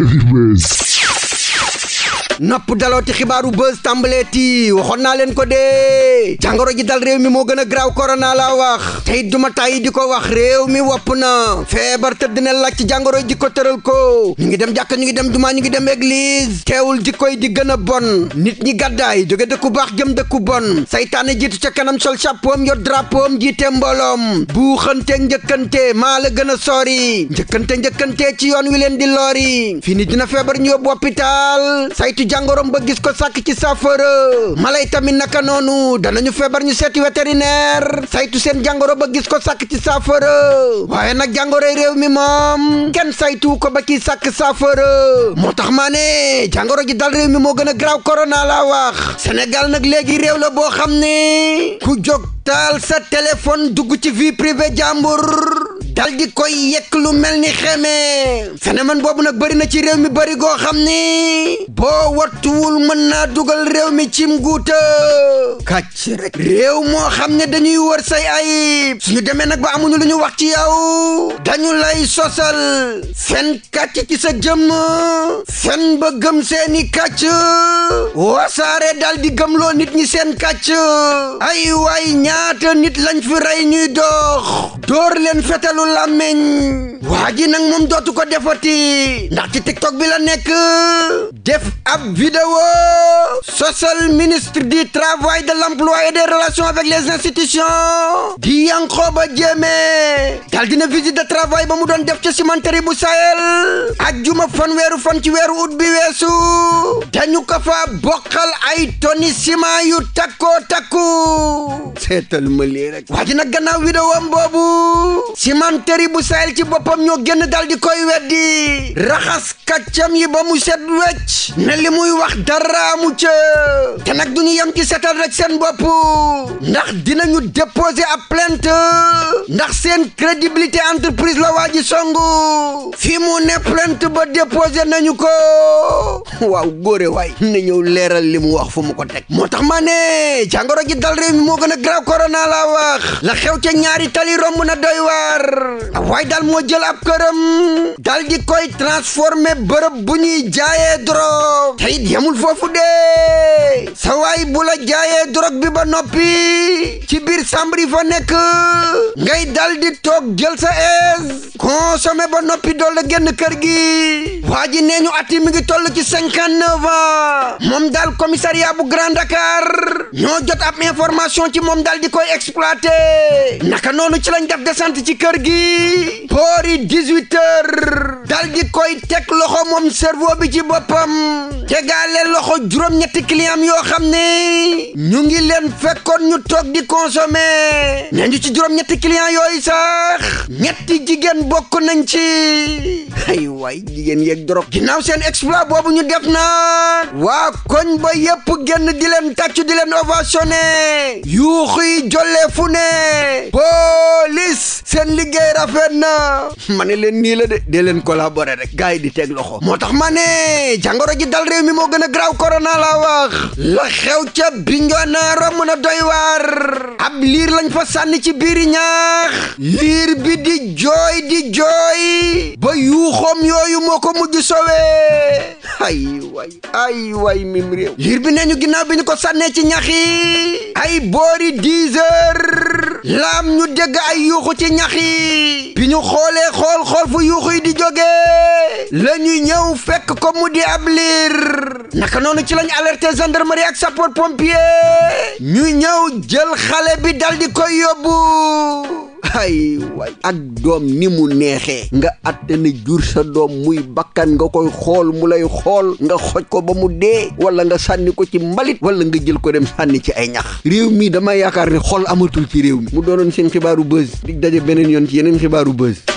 Anyways. nopp dalooti xibaaru buzz tàmbaleeti waxoon naa leen ko dee jàngoro ji dal réew mi moo gën a graaw korona laa wax tey duma tàyyi di ko wax réew mi wopp na feebar tëdd na laaj ci jàngoro ji ko tëral ko ñu ngi dem jàkka ñu ngi dem jumaa ñu ngi dem église di ko koy di gën a bon nit ñi gàddaay jóge dëkku baax jëm dëkku bon saytaane jiitu ca kanam sol chapeau-am yor drapeau-am jiite mbooloom buuxante njëkkante maa la gën a sori njëkkante njëkkante ci yoon wi leen di lori fii ni dina feebar ñu jàngoroom ba gis ko sàkk ci saafara mala yi tamit naka noonu danañu feebar ñu seeti vétérinaire saytu seen jàngoro ba gis ko sàkk ci saafara waaye nag jàngoroy réew mi moom kenn saytu ko ba ci sàkk saafara moo tax maa ne jàngoro ji dal réew mi moo gën a graaw corona la wax Sénégal nag léegi réew la boo xam ne ku jóg taal sa téléphone dugg ci vie privée jàmbur dal di koy yekk lu mel ni xeme man boobu nag bëri na ci réew mi bëri goo xam ni boo wattuwul mën naa dugal réew mi cim guuta kàcc réew moo xam ne dañuy wër say ayib suñu demee nag ba amuñu lu ñu wax ci yow dañu lay sosal fen kàcc ci sa jëmm seen ba gëm seeni kàcc wasaare dal di gëmloo nit ñi seen kàcc ay waay ñaata nit lañ fi rey ñuy dox dóor leen fetalu làmmiñ waa ji nag moom dootu ko defati ndax ci tiktok bi la nekk def ab vidéo sosal ministre du travail de l'emploi et relation relations avec les institutions di Yankhoba Diémé dal dina visite de travail ba mu doon def ci cimenterie bu Sahel ajjuma fanweeru fan ci weeru ut bi weesu dañu ko fa bokkal ay toni ciment yu takkoo takku seetal ma lii rek waa ji nag gannaaw widowam boobu cimenterie bu Sahel ci boppam ñoo génn dal koy weddi raxas kaccam yi ba mu set wecc ne li muy wax dara mu ci te nag du ñu yem ci setal rek seen bopp ndax di dinañu déposer ab plainte ndax seen crédibilité entreprise la waa ji song fi mu ne plainte ba déposer nañu ko waaw góore waay na ñëw leeral li mu wax fu mu ko teg moo tax ma ne jàngoro ji dal réew mi moo gën a grave corona laa wax la xew ca ñaari tali romb na doy waar waaye daal moo jël ab këram dal di koy transformer bërëb bu ñuy jaayee drogue te it yemul foofu de sa waay bu la jaayee drogue ba noppi ci biir sambri fa nekk ngay dal di toog jël sa aise ba noppi dool la génn kër gi waa ji nee ñu at yi ngi toll ci cinquante neuf ans moom daal commissariat bu Grand Dakar ñoo jot ab ci moom daal di koy exploité naka noonu ci lañ def sant ci kër gi moom cerveau bi ci boppam tegaale loxo juróom-ñetti client yoo xam ne ñu ngi leen fekkoon ñu toog di consommer nee ñu ci juróom-ñetti client yooyu sax ñetti jigéen bokk nañ ci ay waay jigéen yeeg dorog ginnaaw seen exploit boobu ñu def na waa koñ ba yépp génn di leen tàccu di leen ovationné yuuxu jolle fu ne police seen liggéey rafet na ma ne leen nii la de dee leen collaborer rek gars yi di teg loxo moo tax ma ne jàngoro ji dal réew mi moo gën a graw corona laa wax la xew ca Bignona romb na doy waar ab liir lañ fa sànni ci biiri ñaax liir bi di jooy di jooy ba yuuxoom yooyu moo ko mujj sowee ay way ay way mim réew liir bi nee ñu ginnaaw bi ko sànnee ci ñax yi ay boori 10 laam ñu dégg ay yuuxu ci ñax ñax bi ñu xoolee xool xool fu yuuxu yi di jógee la ñu ñëw fekk ko mu di ab liir naka noonu ci lañ alerter gendarmerie ak sapeur pompier ñu ñëw jël xale bi dal di koy yóbbu ay waay ak doom ni mu neexee nga atte ne jur sa doom muy bakkan nga koy xool mu lay xool nga xoj ko ba mu dee wala nga sànni ko ci mbalit wala nga jël ko dem sànni ci ay ñax réew mi dama yaakaar ni xool amatul ci réew mi mu doonoon seen xibaaru buzz di daje beneen yoon ci yeneen xibaaru buzz